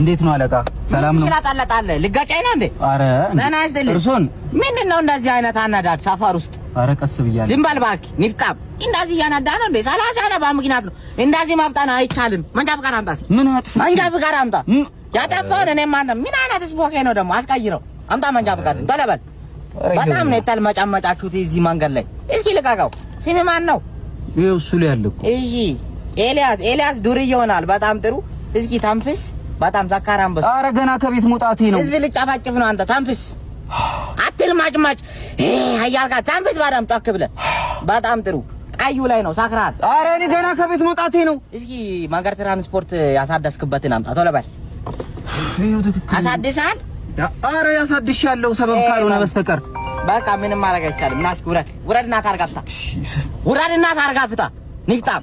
እንዴት ነው አለቃ? ሰላም ነው? ስላጣላጣለ ልጋጫይ ነው እንዴ? አረ ደህና አይደለም። እርሱን ምንድን ነው እንደዚህ አይነት አናዳድ ሰፈር ውስጥ? አረ ቀስ ብያለሁ። ዝም በል እባክህ። ኒፍጣም እንደዚህ እያናዳ ነው እንዴ? ሰላሳ ነባ ምክንያት ነው እንደዚህ ማፍጣን አይቻልም። መንጃ ፍቃድ አምጣ። ምን አጥፍ? መንጃ ፍቃድ አምጣ። ያጠፋውን እኔ ማንም ምን አይነት ስቦኬ ነው ደግሞ አስቀይረው። አምጣ መንጃ ፍቃድ ቶሎ በል። በጣም ነው የተልመጫመጫችሁት እዚህ መንገድ ላይ። እስኪ ልቀቀው። ስሜ ማን ነው? ይሄ? እሱ ላይ ያለው እሺ ኤልያስ ኤልያስ ዱር ይሆናል። በጣም ጥሩ። እስኪ ታንፍስ። በጣም ሰካራም በስ። አረ ገና ከቤት መውጣቴ ነው። ህዝብ ልጫፋጭፍ ነው። አንተ ታንፍስ፣ አትልማጭማጭ አያልካ ታንፍስ። በጣም ጮክ ብለህ። በጣም ጥሩ። ቀዩ ላይ ነው ሳክራል። አረ እኔ ገና ከቤት መውጣቴ ነው። እስኪ መንገድ ትራንስፖርት ያሳደስክበትን አምጣ። ቶሎ በል አሳድሳል። አረ ያሳድሻለሁ፣ ሰበብ ካልሆነ በስተቀር በቃ ምንም ማድረግ አይቻልም። ና እስኪ ውረድ፣ ውረድና ታርጋፍታ፣ ውረድና ታርጋፍታ ንፍጣም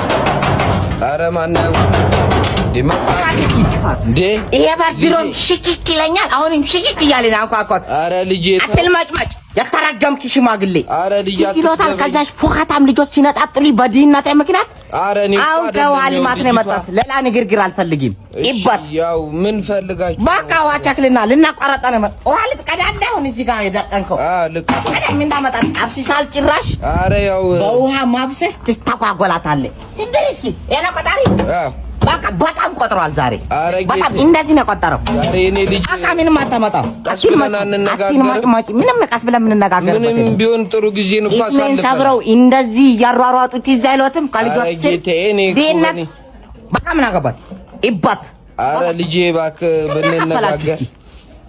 ኧረ ማነው ይሄ ባር ድሮም ሽኪክ ይለኛል፣ አሁንም ሽኪክ እያለ አንኳኳት። ልጄ አትልመጭመጭ፣ የተረገምክ ሽማግሌ ሲሎታል። ከዛሽ ልጆች በድህነቴ ምክንያት አሁን ከዋልማት ነው የመጣሁት። ሌላ ንግግር አልፈልግም። ይባት ያው ምን ፈልጋችሁ በቃ ዋቻክልና ልናቋረጣ ነው የመጣሁት። ውሃ ልትቀዳዳ እዚህ ጋር የደቀንከው እንዳመጣ አፍሲሳል ጭራሽ። ኧረ ያው በውሃ ማፍሰስ ትስተጓጎላታለህ። ስንብር እስኪ የነቆጣሪ በቃ በጣም ቆጥሯል ዛሬ በጣም እንደዚህ ነው የቆጠረው። በቃ ምንም አታመጣም። ምንም ቀስ ብለን የምንነጋገርበት ቢሆን ጥሩ ጊዜ ነው ሰብረው እንደዚህ እያሯሯጡት ይዛ አይሎትም በቃ ምን አገባት ይባት። አረ ልጄ እባክህ ብንነጋገር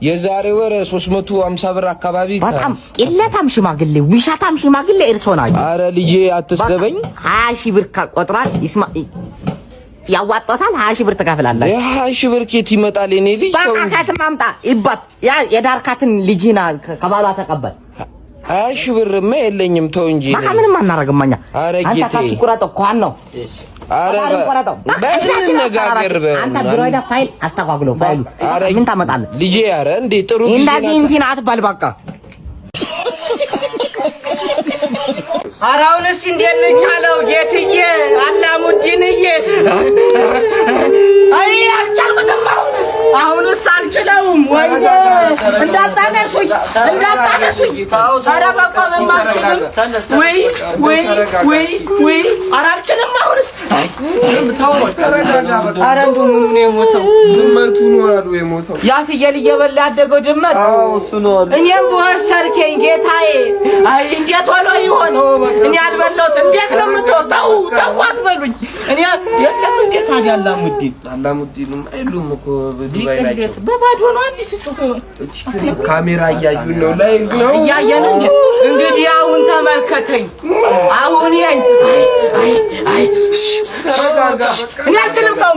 የዛሬ ወር 350 ብር አካባቢ በጣም ቅለታም ሽማግሌ ውሻታም ሽማግሌ እርሶ ናቸው። አረ ልጄ አትስደበኝ። ሀያ ሺህ ብር ቆጥሯል። ይስማ ያዋጣታል። ሀያ ሺህ ብር ትከፍላለህ። ሀያ ሺህ ብር ኬት ይመጣል? እኔ ልጅ በቃ ከትም ይባት ያ የዳርካትን ልጅና ከባሏ ተቀበል። ሀያ ሺህ ማ የለኝም። ተው እንጂ ማካ ምንም አናደርግም እኛ። አንተ ካሽ ቁረጠው ኳን ነው አንተ ቢሮ እንዴት እንቻለው ጌትዬ አላሙዲንዬ እንዳታነሱኝ እንዳታነሱኝ። ኧረ አልችልም። ወይ ወይ ወይ ወይ፣ ኧረ አልችልም አሁንስ ኧረ እንደው ምኑ ነው የሞተው? ድመቱ ነው አሉ የሞተው። ያ ፍየል እየበላ ያደገው ድመት እሱ ነው እኔም በወሰድከኝ ጌታዬ። አይ እንዴት ሆኖ ይሆን? እኔ አልበላሁት። እንዴት ነው የምትሆን? ተው ተው አትበሉኝ። እኔ የለም እንዴ ታዲያ አላሙዲን አላሙዲንም አይሉም እኮ በዱባይ ናቸው። በባዶ ነው አንዲስ ጽሁፍ ካሜራ እያዩን ነው ላይ ነው እያየን እንግዲህ አሁን ተመልከተኝ። አሁን አይ አይ አይ እኔ አልችልም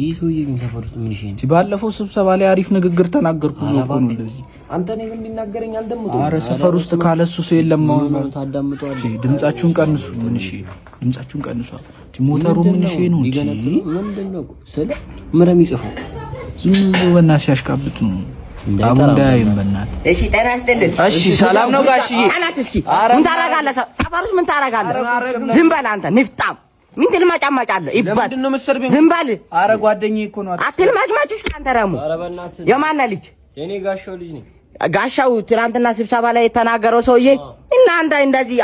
ይህ ሰውዬ ግን ሰፈር ውስጥ ምን ይሸኝ? ባለፈው ስብሰባ ላይ አሪፍ ንግግር ተናገርኩ ነው እኮ እንደዚህ። አንተ ነው ምን ይናገረኝ? አረ ሰፈር ውስጥ ካለሱ ሰው የለም። አሁን ታዳምጠዋል። እሺ ድምጻችሁን ቀንሱ። ምን እሺ ድምጻችሁን ቀንሷል። ሞተሩ ምን እሺ ነው እንዴ? ምንድነው ስለ ምረም ይጽፋል ዝም ብሎ በእናትህ ሲያሽቃብጥ ነው። እንዳይም በእናትህ እሺ፣ ጤና ይስጥልን። እሺ፣ ሰላም ነው ጋሽዬ? ምን ታደርጋለህ? ሰፈሩስ ምን ታደርጋለህ? ዝም በል አንተ ንፍጣም ምን ትልማጫማጭ አለ ይባል ዝም በል። ኧረ ጓደኛዬ እኮ ነው። አትልማጭማጭ እስኪ አንተ ደግሞ የማነህ ልጅ? የእኔ ጋሻው ልጅ ነኝ። ጋሻው ትናንትና ስብሰባ ላይ የተናገረው ሰውዬ እና እናንተ እንደዚህ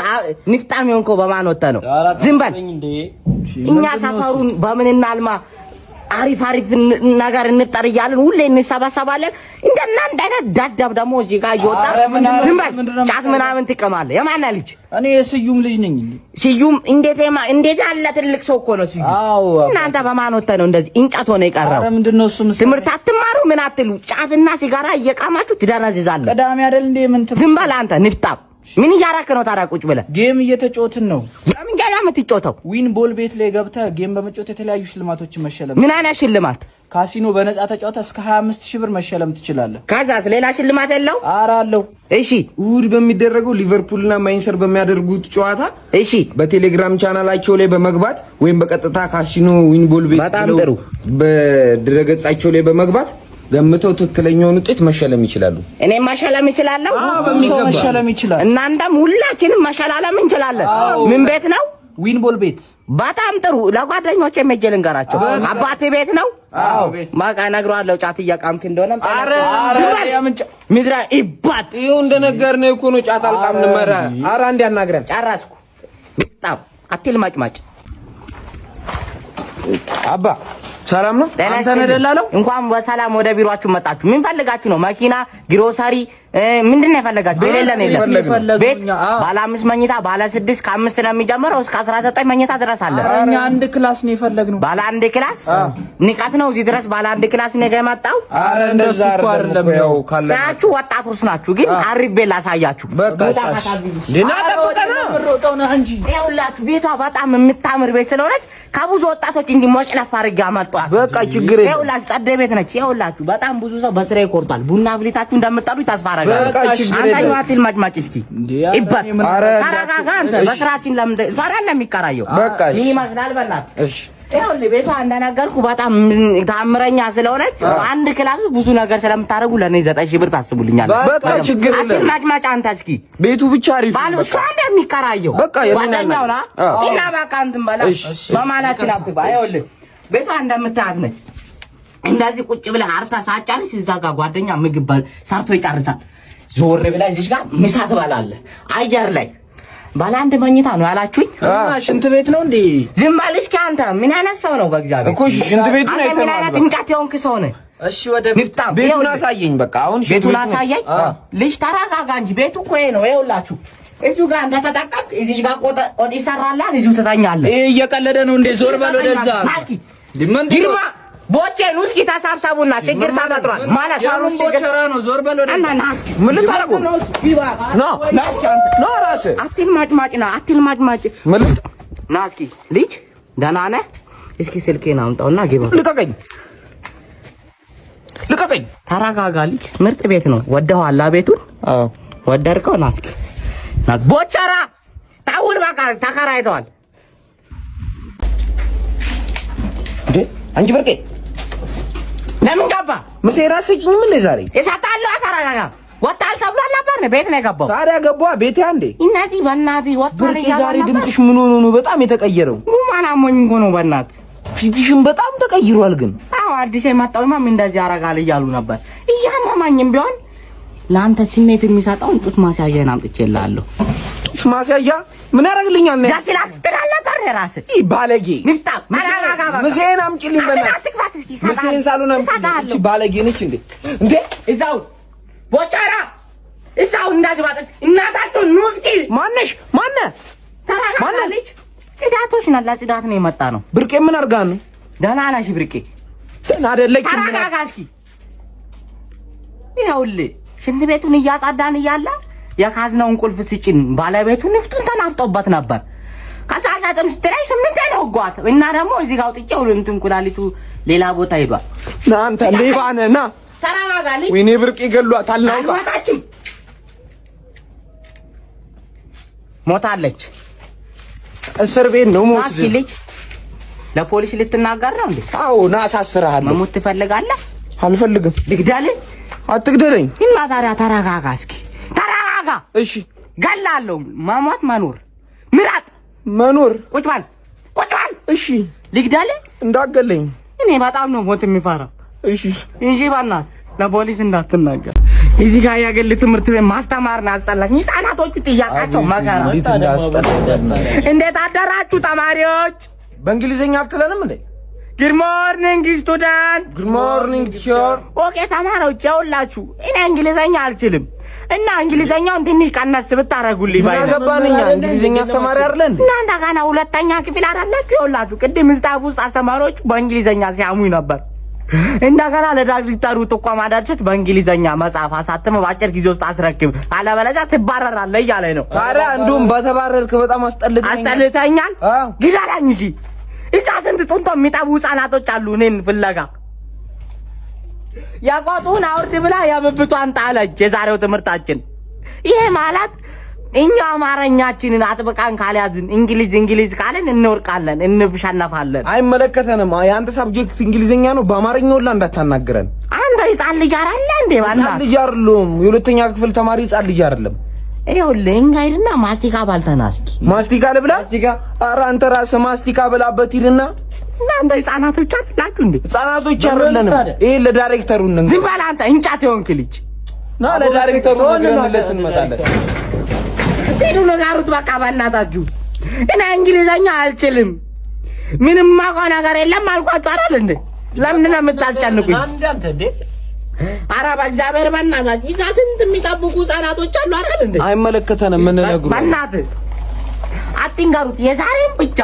ንፍጣም የሆንከው በማን ወተህ ነው? ዝም በል። እኛ ሰፈሩን በምን እናልማ አሪፍ አሪፍ ነገር እንፍጠር እያለን ሁሌ እንሰባሰባለን። እንደ እናንተ አይነት ደደብ ደግሞ እዚህ ጋር እየወጣ ዝም በል ጫት ምናምን ትቀማለህ። የማና ልጅ እኔ የስዩም ልጅ ነኝ። ስዩም እንዴት የማ እንዴት ያለ ትልቅ ሰው እኮ ነው ስዩም። እናንተ በማን ወጥተህ ነው እንደዚህ እንጨት ሆነ የቀረው? ምንድነው እሱ ትምህርት አትማሩ ምን አትሉ፣ ጫትና ሲጋራ እየቃማችሁ ትደነዝዛለህ። ቅዳሜ አይደል እንዴ? ምን ዝም በል አንተ ንፍጣም ምን እያራክ ነው ታዲያ? ቁጭ ብለህ ጌም እየተጫወትን ነው። ምን ጋር የምትጫወተው? ዊን ቦል ቤት ላይ ገብተህ ጌም በመጫወት የተለያዩ ሽልማቶችን መሸለም። ምን አይነት ሽልማት? ካሲኖ በነፃ ተጫውታ እስከ 25 ሺህ ብር መሸለም ትችላለህ። ከዛስ ሌላ ሽልማት ያለው? አረ አለው። እሺ፣ እሑድ በሚደረገው ሊቨርፑልና ማይንሰር በሚያደርጉት ጨዋታ እሺ፣ በቴሌግራም ቻናላቸው ላይ በመግባት ወይም በቀጥታ ካሲኖ ዊን ቦል ቤት በጣም ጥሩ በድረገጻቸው ላይ በመግባት ገምተው ትክክለኛውን ውጤት መሸለም ይችላሉ። እኔ መሸለም ይችላለሁ፣ መሸለም ይችላል። እናንተም ሁላችንም መሸላለም እንችላለን። ምን ቤት ነው? ዊንቦል ቤት። በጣም ጥሩ። ለጓደኞቼ መጀ ልንገራቸው። አባቴ ቤት ነው ማቃ እነግረዋለሁ። ጫት እያቃምክ እንደሆነ አረ አረ ያምንጭ ምድራ ይባት ይኸው እንደነገርነው እኮ ነው። ጫት አልቃም ንመረ አራ አንድ ያናግረን ጨረስኩ። በጣም አትል ማጭማጭ አባ ሰላም ነው። አንተ ነህ ደላለው። እንኳን በሰላም ወደ ቢሮአችሁ መጣችሁ። ምን ፈልጋችሁ ነው? መኪና፣ ግሮሰሪ ምንድን ነው የፈለጋችሁ? የሌለ ነው የለም። ቤት ባለ አምስት መኝታ ባለ ስድስት ከአምስት ነው የሚጀምረው እስከ አስራ ዘጠኝ መኝታ ድረስ አለ። እኛ አንድ ክላስ ነው የፈለግነው። ባለ አንድ ክላስ ንቀት ነው። እዚህ ድረስ ባለ አንድ ክላስ ነው የመጣው። ሳያችሁ ወጣቶች ናችሁ፣ ግን አሪቤ ላሳያችሁ። ይኸውላችሁ ቤቷ በጣም የምታምር ቤት ስለሆነች ከብዙ ወጣቶች እንዲህ ሞጭለፍ አድርጌ አመጣኋት። በቃ ችግር ይኸውላችሁ፣ ጸደ ቤት ነች። ይኸውላችሁ በጣም ብዙ ሰው በስራ ይቆርጣል። ቡና አፍሊታችሁ እንደምጠሉ ተስፋ አደርጋለሁ። በቃ ችግር የለም። አንተ ይኸውልህ ቤቷ እንደነገርኩ በጣም ታምረኛ ስለሆነች አንድ ክላስ ብዙ ነገር ስለምታደርጉ ለእኔ ዘጠኝ ሺህ ብር ታስቡልኛል። በቃ ችግር የለም። ማጭማጫ አንተ እስኪ ቤቱ ብቻ አሪፍ ባሉ እሷ እንደሚከራየው በቃ የኔናኛውና እና በቃ እንትን በላ በማላችን አትባ። ይኸውልህ ቤቷ እንደምታያት ነች። እንደዚህ ቁጭ ብለህ አርታ ሳጫንስ እዛ ጋ ጓደኛ ምግብ ሰርቶ ይጨርሳል። ዞር ብላ እዚህ ጋር ምሳ ትበላለህ። አየር ላይ ባለ አንድ መኝታ ነው ያላችሁኝ። ሽንት ቤት ነው እንዴ? ዝም አለች። ከአንተ ምን አይነት ሰው ነው? በእግዚአብሔር እኮ ሽንት ቤቱ ነው የተባለው። ምን አይነት እንጨት የሆንክ ሰው ነህ? እሺ ወደ ቤቱን አሳየኝ። በቃ አሁን ቤቱን አሳየኝ። ልጅ ተረጋጋ እንጂ ቤቱ እኮ ይሄ ነው። ይኸውላችሁ እዚሁ ጋር እንደተጠቀምክ እዚህ ጋር ቆጥ ይሰራላል። እዚሁ ትተኛለህ። እየቀለደ ነው እንዴ? ዞር በል ወደዛ ማስኪ ግርማ ቦቼ ቦቼን ውስኪ ታሳብሳቡና ችግር ታፈጥሯል ማለት ነው። ቦቸራ ነው። ዞር በል ወደ እና ምን ልታረጉ ነው? ናስኪ አንተ ነው ራስህ አትልማጭማጭ ነው አትልማጭማጭ ምን ናስኪ ልጅ ደህና ነህ? እስኪ ስልኬን አምጣውና ግባ። ልቀቀኝ፣ ልቀቀኝ። ተረጋጋ ልጅ። ምርጥ ቤት ነው። ወደኋላ ቤቱን አዎ፣ ወደድከው። ና ቦቸራ ታውል በቃ ተከራይተዋል። አንቺ ብርቄ ለምን ገባ? ምሴ ራስህ ምን ዛሬ እሳታለሁ። አካራራ ወጣል ተብሏል ነበር። ቤት ነው የገባው። ታዲያ ገባ ቤት አንዴ። እነዚህ በእናትህ ወጣል። ዛሬ ድምፅሽ ምን ሆኖ ነው በጣም የተቀየረው? ጉማን አሞኝ እኮ ነው በእናትህ። ፊትሽም በጣም ተቀይሯል። ግን አዎ አዲስ የመጣው ማም እንደዚህ አረጋል እያሉ ነበር። እያማማኝም ቢሆን ለአንተ ስሜት የሚሰጠውን ጡት ማስያዣን አምጥቼልሃለሁ። ማስያዣ ምን ያደርግልኛል? ነው ያሲላ አስተላላ ባር ራስ ይ ባለጌ ንፍታ ማላላጋ ምሴን አምጪልኝ በእናትህ አትክፋት። እስኪ ምሴን ሳሎን እቺ ባለጌ ነች እንዴ እንዴ! እዛው ቦቻራ እዛው እንዳዚህ ባጠ እናታቸው ኑስኪ ማነሽ ማነ ማነች? ጽዳቶች ናላ ጽዳት ነው የመጣ ነው። ብርቄ ምን አድርጋ ነው? ደህና ናሽ ብርቄ? ደህና አይደለች። ምን አጋጋሽኪ ይኸውልህ ሽንት ቤቱን እያጸዳን እያለ የካዝናውን ቁልፍ ስጭን። ባለቤቱ ንፍጡን ተናፍጦበት ነበር። ከዛ አዛጥም ስትለኝ ስምንት ነው ህጓት እና ደግሞ እዚህ ጋር አውጥቼ ሁሉምት ኩላሊቱ ሌላ ቦታ ሄዷል። ና አንተ ሌባ ነህ ና ተረጋጋ። ልጅ ወይኔ ብርቅ ይገሏታል። አልወጣችም ሞታለች። እስር ቤት ነው ሞት ለፖሊስ ልትናገር ነው እንዴ? አዎ ና አሳስርሃለሁ። መሞት ትፈልጋለህ? አልፈልግም። ልግደልህ? አትግደለኝ። ይህን ማታሪያ ተረጋጋ እስኪ ተረጋጋ። እሺ ገላለሁ። ማሟት መኖር ምራጥ መኖር ቁጭ በል ቁጭ በል። እሺ ልግዳለ እንዳገለኝ እኔ በጣም ነው ሞት የሚፈራ። እሺ እንጂ ባናት ለፖሊስ እንዳትናገር። እዚህ ጋር ያገል ትምህርት ቤት ማስተማርን አስጠላኝ። ህጻናቶቹ ጥያቃቸው መከራ። እንዴት አደራችሁ ተማሪዎች? በእንግሊዝኛ አትለንም እንዴ? ጉድ ሞርኒንግ ስቱዳንት። ጉድ ሞርኒንግ ቲቸር። ኦኬ ተማሪዎች ያውላችሁ እኔ እንግሊዘኛ አልችልም እና እንግሊዘኛውን ትንሽ ቀነስ ብታረጉልኝ ባይ ገባንኛ እንግሊዘኛ አስተማሪ አይደለን እና እንደገና ሁለተኛ ክፍል አይደላችሁ። ያውላችሁ ቅድም ስታፍ ውስጥ አስተማሪዎች በእንግሊዘኛ ሲያሙኝ ነበር። እንደገና ለዳይሬክተሩ ጥቆማ ደርሰሽ በእንግሊዘኛ መጽሐፍ አሳትመ በአጭር ጊዜ ውስጥ አስረክብ አለበለዚያ ትባረራለህ እያለኝ ነው። ታዲያ እንዲሁም በተባረርክ በጣም አስጠልተኛል። አስጠልተኛል ግዳላኝ እሺ ስንት ጡንቶ የሚጠቡ ህጻናቶች አሉ እኔን ፍለጋ። የቆጡን አውርድ ብላ የብብቷን ጣለች። የዛሬው ትምህርታችን ይሄ ማለት እኛ አማርኛችንን አጥብቃን ካልያዝን እንግሊዝ እንግሊዝ ካለን እንወርቃለን፣ እንሸነፋለን። አይመለከተንም። የአንተ ሳብጀክት እንግሊዝኛ ነው። በአማርኛ ሁላ እንዳታናግረን። አንተ ህጻን ልጅ አይደለ እንዴ? ባላ ልጅ አይደለም። የሁለተኛ ክፍል ተማሪ ህፃን ልጅ አይደለም። ይኸውልህ ሂድና ማስቲካ ባልተና እስኪ ማስቲካ ልብላ። ኧረ አንተ ራስህ ማስቲካ ብላበት ሂድና። እናንተ ህጻናቶች አላችሁ እንዴ? ህጻናቶች አይደለንም። ይሄ ለዳይሬክተሩ እንደ ዝም በል አንተ እንጫት የሆንክ ልጅ ና፣ ለዳይሬክተሩ ነግረንለት እንመጣለን። ሄዱ ንገሩት በቃ በእናታችሁ። እኔ እንግሊዘኛ አልችልም፣ ምንም ማቋ ነገር የለም አልኳችሁ አይደል እንዴ? ለምን ነው የምታስጨንቁኝ? ኧረ በእግዚአብሔር በእናታችሁ ይዛ ስንት የሚጠብቁ ህጻናቶች አሉ። አይደል እንዴ? አይመለከተንም። ምን ነግሩ በእናትህ አትንገሩት። የዛሬም ብቻ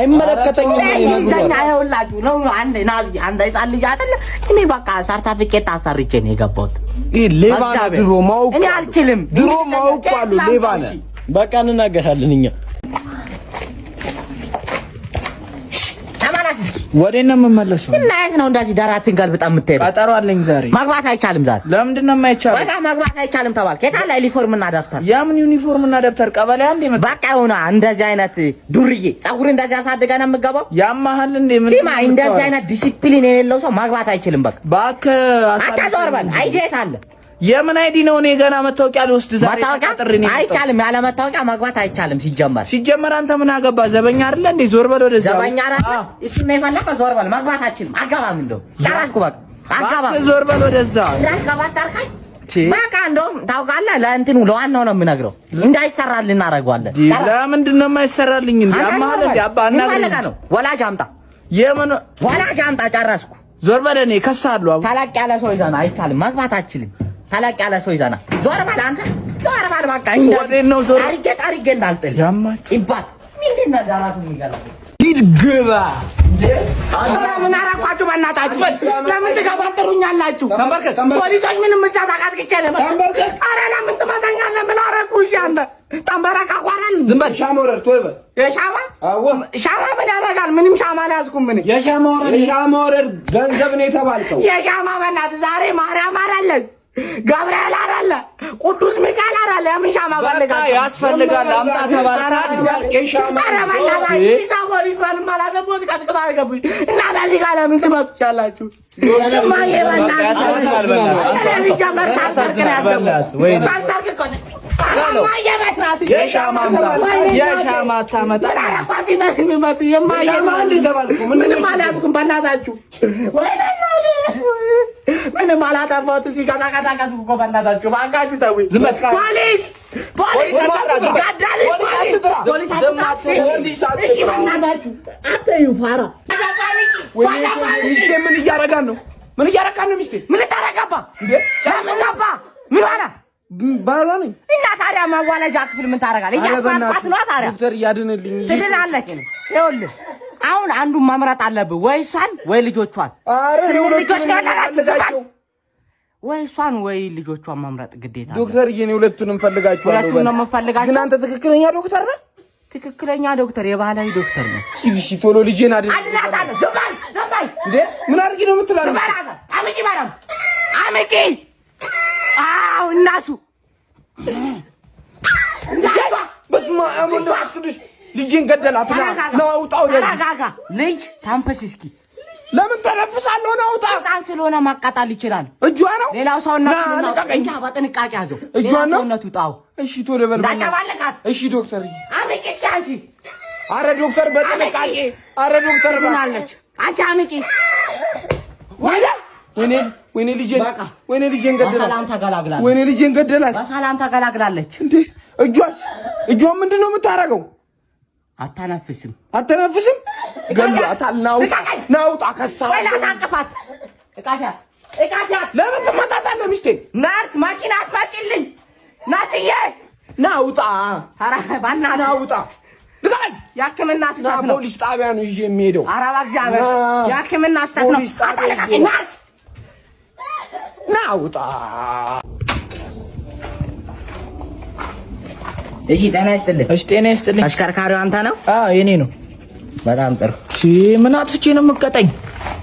አይመለከተኝም። ይዘኛ ይኸውላችሁ ነው አንድ ናዚ አንድ ህጻን ልጅ አይደለ እኔ በቃ ሰርተፊኬት አሰርቼ ነው የገባሁት። ይሄ ሌባ ነው። ድሮ ማውቅ እኔ አልችልም። ድሮ ማውቅ አሉ ሌባ ነው። በቃ እንናገራለን እኛ ወዴ ነው የምመለሰው? እና የት ነው እንደዚህ ዳራትን ጋር በጣም የምትሄደው? ቀጠሮ አለኝ ዛሬ። ማግባት አይቻልም ዛሬ። ለምንድን ነው የማይቻለው? በቃ ማግባት አይቻልም ተባልክ። የት አለ ዩኒፎርም እና ደብተር? የምን ዩኒፎርም እና ደብተር? ቀበሌ አንዴ መጣ። በቃ ይሁና። እንደዚህ አይነት ዱርዬ ፀጉር እንደዚህ አሳድጋ ነው የምገባው? ያማሃል እንዴ? ምን ሲማ እንደዚህ አይነት ዲሲፕሊን የሌለው ሰው ማግባት አይችልም። በቃ ባክ አታዞር በል። አይዴት አለ የምን አይዲ ነው? እኔ ገና መታወቂያ ልወስድ ዛሬ ተቀጥሬ ነው። አይቻልም፣ ያለ መታወቂያ ማግባት አይቻልም። ሲጀመር ሲጀመር አንተ ምን አገባ? ዘበኛ አይደለ እንዴ? ዞር በል ወደዛ። ዘበኛ አይደለ እሱ ነው የፈለቀው። ዞር በል። ማግባት አችልም። አገባም እንደው ጨረስኩ። በቃ አገባም። ዞር በል ወደዛ። አገባት ታርካኝ በቃ እንደውም ታውቃለህ፣ ለእንትኑ ለዋናው ነው የምነግረው። እንዳይሰራልን እናደርገዋለን። ለምንድን ነው የማይሰራልኝ? እንዴ አማለ እንዴ አባ እና ነው ወላጅ አምጣ፣ የምን ወላጅ አምጣ። ጨረስኩ። ዞር በል። እኔ ከሳለሁ። ተለቅ ያለ ሰው ይዘና አይቻልም። ማግባት አችልም ታላቅ ያለ ሰው ይዛና ዞር በል አንተ ዞር በል በቃ። ወዴት ነው ዞር? አሪጌ አሪጌ እንዳልጥል ያማች ይባል ምንድን ነው ዳራቱ የሚገለው ሂድ ግባ። ምን አደረኳችሁ? በእናታችሁ ለምን ትገባጥሩኛላችሁ? ፖሊሶች ምንም እሳት አቃጥቅቼ ነበር። ኧረ ለምን ትመታኛለህ? ምን አረኩሽ? አንተ ጠንበረቅ አቋራል። ዝም በል ሻማ ወረድ። ቶይ በል የሻማ ሻማ ምን ያደርጋል? ምንም ሻማ አልያዝኩም። ምን የሻማ ወረድ ገንዘብ ነው የተባልከው? የሻማ በእናትህ ዛሬ ማርያም አላለች ገብርኤል አላለ ቅዱስ ሚካኤል አላለ። ምን ሻማ ባለጋ ያስፈልጋል? አምጣ ተባልካል። የሻማ አታመጣ ምንም አልያዝኩም። በእናታችሁ ምንም አላጠፋሁት። እዚህ ቀጣቀጣቀጥኩ እኮ በእናታችሁ በአንጋችሁ ተውኝ። ሚስቴ ምን እያረጋን ነው? ምን እያረጋን ነው? ሚስቴ ምን ታረጋባ? ምን ሆነ? ባሏ ነኝ እና ታዲያ ማዋለጃ ክፍል ምን ታደርጋለህ? እያስማጣት ነው ታዲያ ዶክተር እያድንልኝ ትድናለች። ይኸውልህ አሁን አንዱን መምረጥ አለብህ፣ ወይ እሷን ወይ ልጆቿን። ወይ እሷን ወይ ልጆቿን መምረጥ ግዴታ። ዶክተር እኔ ሁለቱንም እፈልጋቸዋለሁ። ግን አንተ ትክክለኛ ዶክተር ነህ። ትክክለኛ ዶክተር፣ የባህላዊ ዶክተር ነህ። እሺ ቶሎ ልጄን አድን። ምን አድርጊ ነው የምትላለህ? አምጪ ማርያም አምጪ አዎ እናሱ በስመ አብ ወወልድ ወመንፈስ ቅዱስ ልጅ ታንፈስ እስኪ። ለምን ተነፍሳለሁ? ና አውጣ። ሕፃን ስለሆነ ማቃጣል ይችላል። እጇ ነው ሌላው ሰውነቱ በጥንቃቄ ያዘው። እጇ ነው ሰውነቱ ጣው። እሺ ቶሎ በል እንዳጨባለቃት። እሺ ዶክተር አምጪ እስኪ አንቺ። አረ ዶክተር በጥንቃቄ አረ ዶክተር አለች። አንቺ አምጪ ወደ እኔ ወይኔ ልጄን ወይኔ ልጄን ገደላት። ወይኔ ልጄን ገደላት። በሰላም ተገላግላለች። እንዴ እጇስ እጇን ምንድን ነው የምታረገው? አታናፍስም አታናፍስም። ገሏት። ናውጣ ናውጣ። ከሳ ላሳቅፋት። እቃፊያት እቃፊያት። ለምን ትመጣታለህ? ሚስቴን ናርስ ማኪና አስማጭልኝ። ናስዬ ናውጣ። ኧረ በእናትህ ናውጣ የሕክምና ስህተት ነው። ፖሊስ ጣቢያ ነው ይዤ የሚሄደው። ኧረ በእግዚአብሔር የሕክምና ስህተት ነው። ናርስ ናውጣ እሺ፣ ጤና ይስጥልኝ። እሺ፣ ጤና ይስጥልኝ። አሽከርካሪው አንተ ነው? አዎ፣ የኔ ነው። በጣም ጥሩ። እሺ፣ ምን አጥፍቼ ነው የምትቀጣኝ?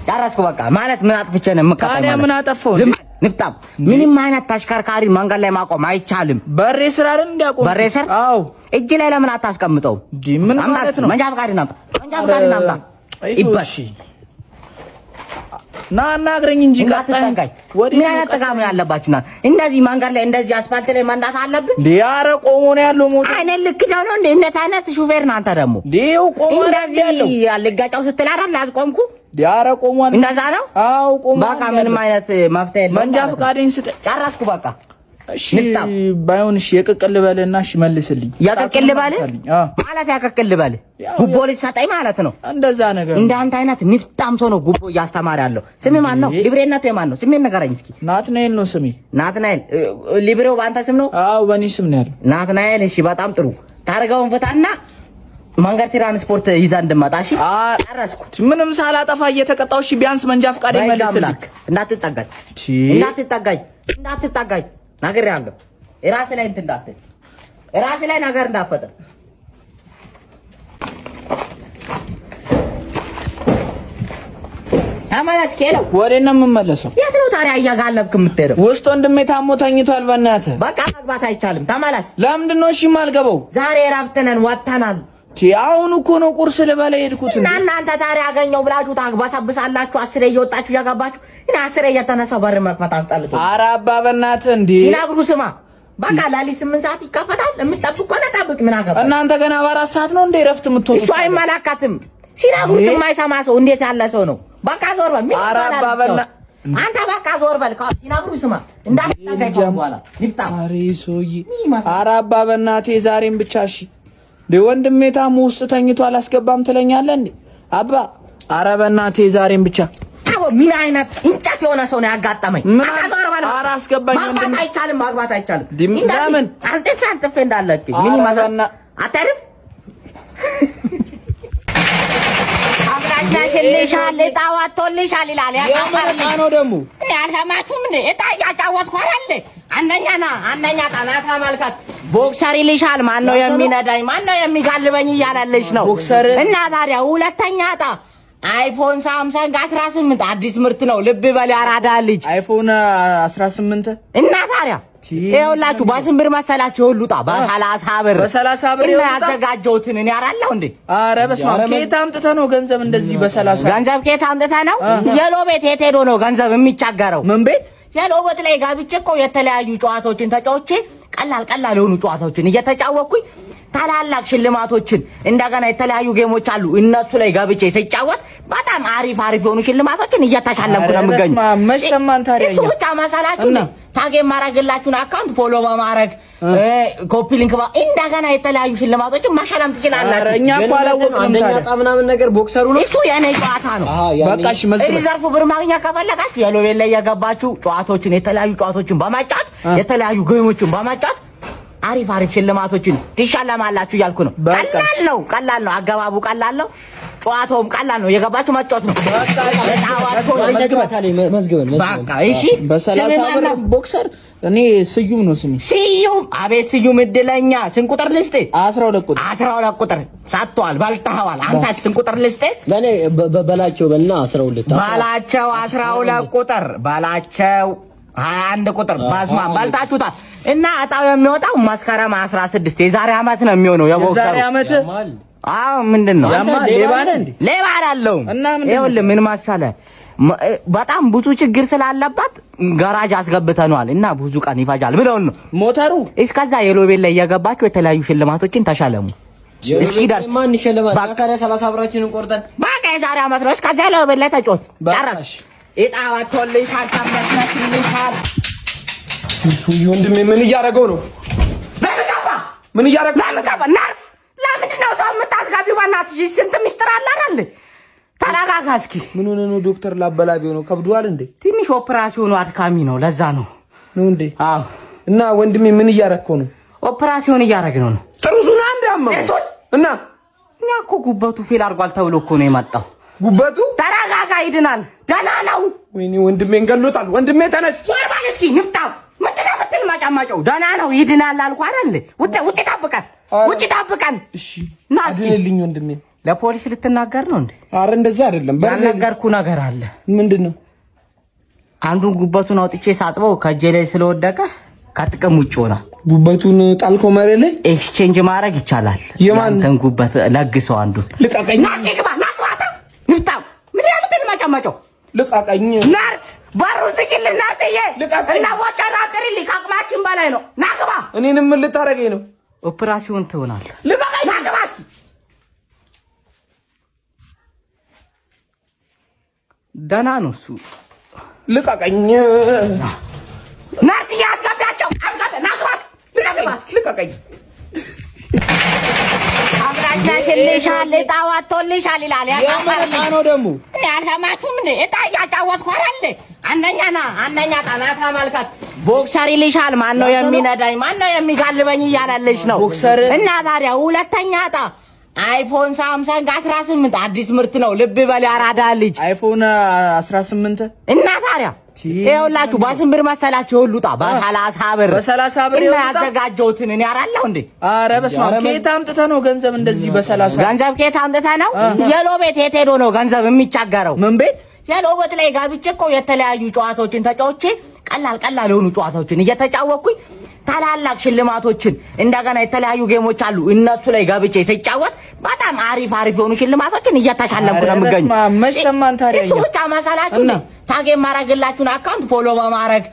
ጨረስኩ። በቃ ማለት ምን አጥፍቼ ነው የምትቀጣኝ? ታዲያ ምን አጠፋሁ? ዝም ንፍጣም። ምንም አይነት ተሽከርካሪ መንገድ ላይ ማቆም አይቻልም። በሬ ስር አይደል እንዲያቆም? በሬ ስር። አዎ። እጅ ላይ ለምን አታስቀምጠውም? ምን ማለት ነው? መንጃ ፈቃድ ናምጣ፣ መንጃ ፈቃድ ናምጣ ይባል ና አናግረኝ እንጂ ቀጣይ ምን አይነት ጠቃሚ ያለባችሁ ናት። እንደዚህ መንገድ ላይ እንደዚህ አስፋልት ላይ መንዳት አለብህ? ዲያረ ቆሞ ነው ያለው ሞት አይነ ልክ ነው ነው እንደት አይነት ሹፌር ነው አንተ ደግሞ ዲው ቆሞ እንደዚህ ያልጋጫው ስትል አይደል ላዝቆምኩ ዲያረ ቆሞ እንደዛ ነው። አዎ ቆሞ በቃ ምንም አይነት መፍትሄ የለም። መንጃ ፈቃዴን ስጠኝ። ጨረስኩ በቃ ባይሆን እሺ የቅቅል በልና እሺ መልስልኝ። ያቀቅል በል ማለት ያቅቅል በል ጉቦ ልትሰጠኝ ማለት ነው። እንደዛ ነገር እንደ አንተ አይነት ንፍጣም ሰው ነው ጉቦ እያስተማረ ያለው። ስሜ ማን ነው? ሊብሬነቱ የማን ነው? ስሜን ንገረኝ እስኪ። ናትናኤል ነው ስሜ። ናትናኤል ሊብሬው በአንተ ስም ነው? አዎ በእኔ ስም ነው ያለው። ናትናኤል እሺ፣ በጣም ጥሩ። ታርጋውን ፍታና መንገድ ትራንስፖርት ይዛ እንድመጣ። እሺ ጨረስኩ። ምንም ሳላጠፋ እየተቀጣሁ። እሺ ቢያንስ መንጃ ፈቃድ ይመልስልኝ። እንዳትጠጋኝ፣ እንዳትጠጋኝ፣ እንዳትጠጋኝ ነገር ያለው እራስ ላይ እንትን እንዳትል፣ እራስ ላይ ነገር እንዳፈጠ ተመለስ ከለው። ወዴት ነው የምመለሰው? የት ነው ታዲያ እያጋለብክ የምትሄደው? ውስጥ ወንድሜ ታሞ ተኝቷል። በእናትህ በቃ መግባት አይቻልም። ተመለስ። ለምንድን ነው እሺ የማልገባው? ዛሬ እረፍት ነን፣ ወጥተናል። አሁን እኮ ነው ቁርስ ልበላ የሄድኩት። እና እናንተ ታዲያ አገኘው ብላችሁ ታግባሳብሳላችሁ። አስሬ እየወጣችሁ እያጋባችሁ እኔ አስሬ እየተነሳው በር መክፈት አስጠልቶ። ኧረ አባ በእናትህ እንደ ሲናግሩ ስማ። በቃ ሌሊት ስምንት ሰዓት ይከፈታል። የምጠብቅ ከሆነ ጠብቅ። ምን አገባ እናንተ ገና በአራት ሰዓት ነው እንደ እረፍት የምትወጡት። እሱ አይመለከትም። ሲናግሩት የማይሰማ ሰው እንዴት ያለ ሰው ነው? በቃ ዞር በል። ምን ይባላል? አንተ በቃ ዞር በል። ሲናግሩ ስማ። እንዳትጠቀቀው በኋላ ይፍታ። ኧረ ሰውዬ፣ ኧረ አባ በእናትህ ዛሬም ብቻ እሺ ወንድሜ ታሙ ውስጥ ተኝቶ አላስገባም ትለኛለ እንዴ? አባ ኧረ በእናትህ ዛሬን ብቻ ምን አይነት እንጨት የሆነ ሰው ነው ያጋጠመኝ። ኧረ አስገባኝ። ማግባት አይቻልም፣ ማግባት አይቻልም። ለምን አንጥፌ አንጥፌ እንዳለች ምን ይመስላል አታይም? አብራሽልሻል፣ እጣ ወጥቶልሻል ይላል። ያሳማል ነው ደግሞ ያልሰማችሁም እጣ እያጫወትኩ አይደል አንደኛ ና አንደኛ ጣናት አማልካት ቦክሰር ይልሻል። ማን ነው የሚነዳኝ? ማን ነው የሚጋልበኝ? እያላለች ነው ቦክሰር እና ታዲያ ሁለተኛ ጣ አይፎን ሳምሰንግ 18 አዲስ ምርት ነው። ልብ በል ያራዳ ልጅ አይፎን 18 እና ታዲያ ይኸውላችሁ በስንት ብር መሰላችሁ? ሁሉ ጣ በሰላሳ ብር በሰላሳ ብር እና ያዘጋጀሁትን እኔ አራለሁ እንዴ! ኧረ በስመ አብ ከየት አምጥተህ ነው ገንዘብ እንደዚህ በሰላሳ ገንዘብ ከየት አምጥተህ ነው? የሎ ቤት የት ሄዶ ነው ገንዘብ የሚቻገረው? ምን ቤት ያለውበት ላይ ጋብቼ እኮ የተለያዩ ጨዋታዎችን ተጫዎቼ ቀላል ቀላል የሆኑ ጨዋታዎችን እየተጫወኩኝ ታላላቅ ሽልማቶችን እንደገና የተለያዩ ጌሞች አሉ። እነሱ ላይ ገብቼ ሲጫወት በጣም አሪፍ አሪፍ የሆኑ ሽልማቶችን እየተሻለምኩ ነው የምገኙ። እሱ ብቻ መሰላችሁ? ታጌ የማረግላችሁን አካውንት ፎሎ በማድረግ ኮፒ ሊንክ እንደገና የተለያዩ ሽልማቶችን ማሸለም ትችላላችሁ። እኛ ምናምን ነገር ቦክሰሩ ነው እሱ የእኔ ጨዋታ ነው። ሪዘርፉ ብር ማግኛ ከፈለጋችሁ የሎቤል ላይ የገባችሁ ጨዋታዎችን የተለያዩ ጨዋቶችን በማጫወት የተለያዩ ጌሞችን በማጫወት አሪፍ አሪፍ ሽልማቶችን ትሸለማላችሁ እያልኩ ነው። ቀላል ነው፣ ቀላል ነው። አገባቡ ቀላል ነው። ጨዋታውም ቀላል ነው። የገባችሁ መጫወት ነው። ቦክሰር እኔ ስዩም ነው ስሜ። ስዩም አቤት ስዩም እድለኛ። ስንት ቁጥር ልስጥ? አስራ ሁለት ቁጥር አስራ ሁለት ቁጥር ሳትተዋል፣ በልተኸዋል። አንተ ስንት ቁጥር ልስጥ? በእኔ በላቸው አስራ ሁለት በላቸው አስራ ሁለት ቁጥር በላቸው አንድ ቁጥር ባስማ ባልታችሁታል። እና እጣው የሚወጣው መስከረም 16 የዛሬ አመት ነው የሚሆነው። የቦክሰሩ የዛሬ ዓመት አዎ። ምንድን ነው ሌባ አለው። ይኸውልህ ምን መሰለህ በጣም ብዙ ችግር ስላለባት ጋራጅ አስገብተነዋል እና ብዙ ቀን ይፈጃል ብለው ነው ሞተሩ። እስከዛ የሎቤል ላይ እየገባችሁ የተለያዩ ሽልማቶችን ተሸለሙ። እስኪ ደርስ ማን ይሸልማል? በቃ የዛሬ አመት ነው። እስከዛ የሎቤል ላይ ተጫወት ጨረስሽ የጣዋቶልሻል ኮሌጅ እሱዬ ወንድሜ ምን እያደረገው ነው? ለምንገባ ምን እያደረገው ለምንገባ ናት። ለምንድን ነው ሰው ስንት ሚስጥር አለ አይደል? ተረጋጋ እስኪ። ምን ሆነ ነው ዶክተር? ላበላቢው ነው ከብዷል እንዴ? ትንሽ ኦፕራሲዮኑ አድካሚ ነው፣ ለዛ ነው ነው እንዴ? አዎ። እና ወንድሜ ምን እያደረግከው ነው? ኦፕራሲዮን ነው። ጥርሱን አንድ እና እኛ እኮ ጉበቱ ፌል አድርጓል ተብሎ እኮ ነው የመጣው ጉበቱ ተረጋጋ፣ ይድናል። ደህና ነው። ወይኔ ወንድሜ እንገሎታል። ወንድሜ ተነስ፣ ዞር በል እስኪ ንፍጣ። ምንድን ነው የምትል ማጫማጫው? ደህና ነው፣ ይድናል አልኩ አይደል? ውጭ ውጭ ጠብቀን፣ ውጭ ጠብቀን። እሺ ና አድንልኝ ወንድሜ። ለፖሊስ ልትናገር ነው እንዴ? አረ እንደዛ አይደለም። ያልነገርኩህ ነገር አለ። ምንድን ነው? አንዱን ጉበቱን አውጥቼ ሳጥበው ከእጄ ላይ ስለወደቀ ከጥቅም ውጭ ሆና ጉበቱን ጣልኮ መሬ ላይ ኤክስቼንጅ ማድረግ ይቻላል። የማንተን ጉበት ለግሰው አንዱ ልቀቀኝ። ግባ ይፍታው ምን ያሉት ማጫማጫው ልቃቀኝ ናርስ በሩ ዝጊል ናርስዬ እና ቦጫና ቅሪል ከአቅማችን በላይ ነው። ናግባ እኔንም ምን ልታረገኝ ነው? ኦፕራሲዮን ትሆናል። ልቃቀኝ ናግባ እስኪ ደህና ነው እሱ። ልቃቀኝ ናርስዬ አስገቢያቸው፣ አስገቢ ናግባ፣ ልቃቀኝ አቅራሻሽልሻል እጣ ወጥቶልሻል ይላል። ነው ደግሞ አልሰማችሁም? እጣ እያጫወትኩ አይደል? አንደኛ ና አንደኛ ጣናት አማልካት ቦክሰር ይልሻል። ማን ነው የሚነዳኝ? ማን ነው የሚጋልበኝ እያለልሽ ነው። እና ታዲያ ሁለተኛ እጣ አይፎን ሳምሰንግ 18 አዲስ ምርት ነው። ልብ በል ያራዳ ልጅ አይፎን 18 እና ታዲያ ይኸውላችሁ በስንት ብር መሰላችሁ? ይኸውልህ በሰላሳ ብር በሰላሳ ብር እና ያዘጋጀሁትን እኔ አራለሁ እንዴ! አረ በስማ አብ! ከየት ነው ገንዘብ እንደዚህ በሰላሳ ገንዘብ ከየት አምጥተህ ነው? የሎ ቤት የት ሄዶ ነው ገንዘብ የሚቻገረው? ምን ቤት የሎበት ላይ ጋብቼ እኮ የተለያዩ ጨዋታዎችን ተጫውቼ ቀላል ቀላል የሆኑ ጨዋታዎችን እየተጫወኩኝ ታላላቅ ሽልማቶችን እንደገና የተለያዩ ጌሞች አሉ። እነሱ ላይ ገብቼ ሲጫወት በጣም አሪፍ አሪፍ የሆኑ ሽልማቶችን እየተሻለምኩ ነው የምገኙ። እሱ ብቻ መሰላችሁ? ታጌ የማረግላችሁን አካውንት ፎሎ በማድረግ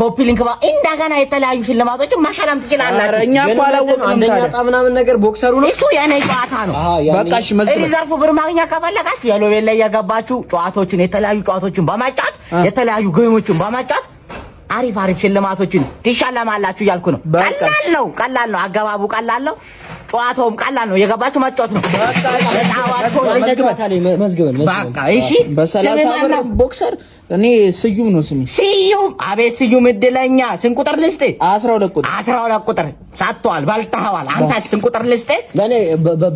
ኮፒ ሊንክ እንደገና የተለያዩ ሽልማቶችን ማሸለም ትችላላችሁ። እኛ እኮ አላወቅንም ምናምን ነገር ቦክሰሩ ነው እሱ የእኔ ጨዋታ ነው። ሪዘርፉ ብር ማግኛ ከፈለጋችሁ የሎቤል ላይ የገባችሁ ጨዋታዎችን የተለያዩ ጨዋታዎችን በማጫወት የተለያዩ ጌሞችን በማጫወት አሪፍ አሪፍ ሽልማቶችን ትሸለማላችሁ እያልኩ ነው። ቀላል ነው፣ ቀላል ነው። አገባቡ ቀላል ነው። ጨዋታውም ቀላል ነው። የገባችሁ መጫወት ነው። ቦክሰር እኔ ስዩም ነው ስሜ። ስዩም አቤት ስዩም እድለኛ። ስንት ቁጥር ልስጤ? አስራ ሁለት ቁጥር አስራ ሁለት ቁጥር ሳትተዋል፣ በልተኸዋል። አንተ ስንት ቁጥር ልስጤ?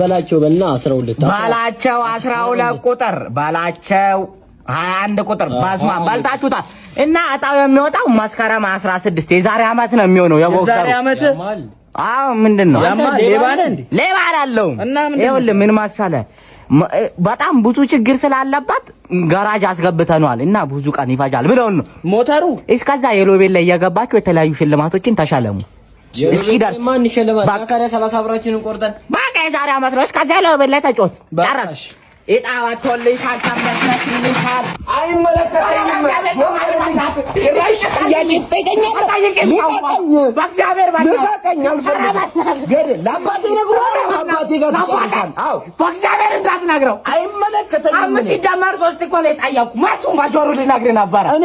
በላቸው በልና አስራ ሁለት በላቸው አስራ ሁለት ቁጥር በላቸው አንድ ቁጥር ባስማ ባልታችሁታል እና እጣው የሚወጣው መስከረም 16 የዛሬ አመት ነው የሚሆነው። የቦክሰሩ አዎ፣ ምንድን ነው ሌባ አላለው። ይኸውልህ ምን መሰለህ በጣም ብዙ ችግር ስላለባት ጋራጅ አስገብተነዋል እና ብዙ ቀን ይፈጃል ብለውን ነው ሞተሩ። እስከዛ የሎቤል ላይ እየገባችሁ የተለያዩ ሽልማቶችን ተሸለሙ። እስኪዳል ማን ሽልማት ታካለ 30 ብራችንን ቆርጠን በቃ የዛሬ አመት ነው። እስከዛ የሎቤል ላይ ተጫወት ጨረስሽ የጣዋት ቶልሻል፣ ታምናሽናሽ ይልሻል። አይመለከተኝም። እኮ ነው የጣያኩ። መልሱ በጆሮ ልነግርህ ነበር። እኔ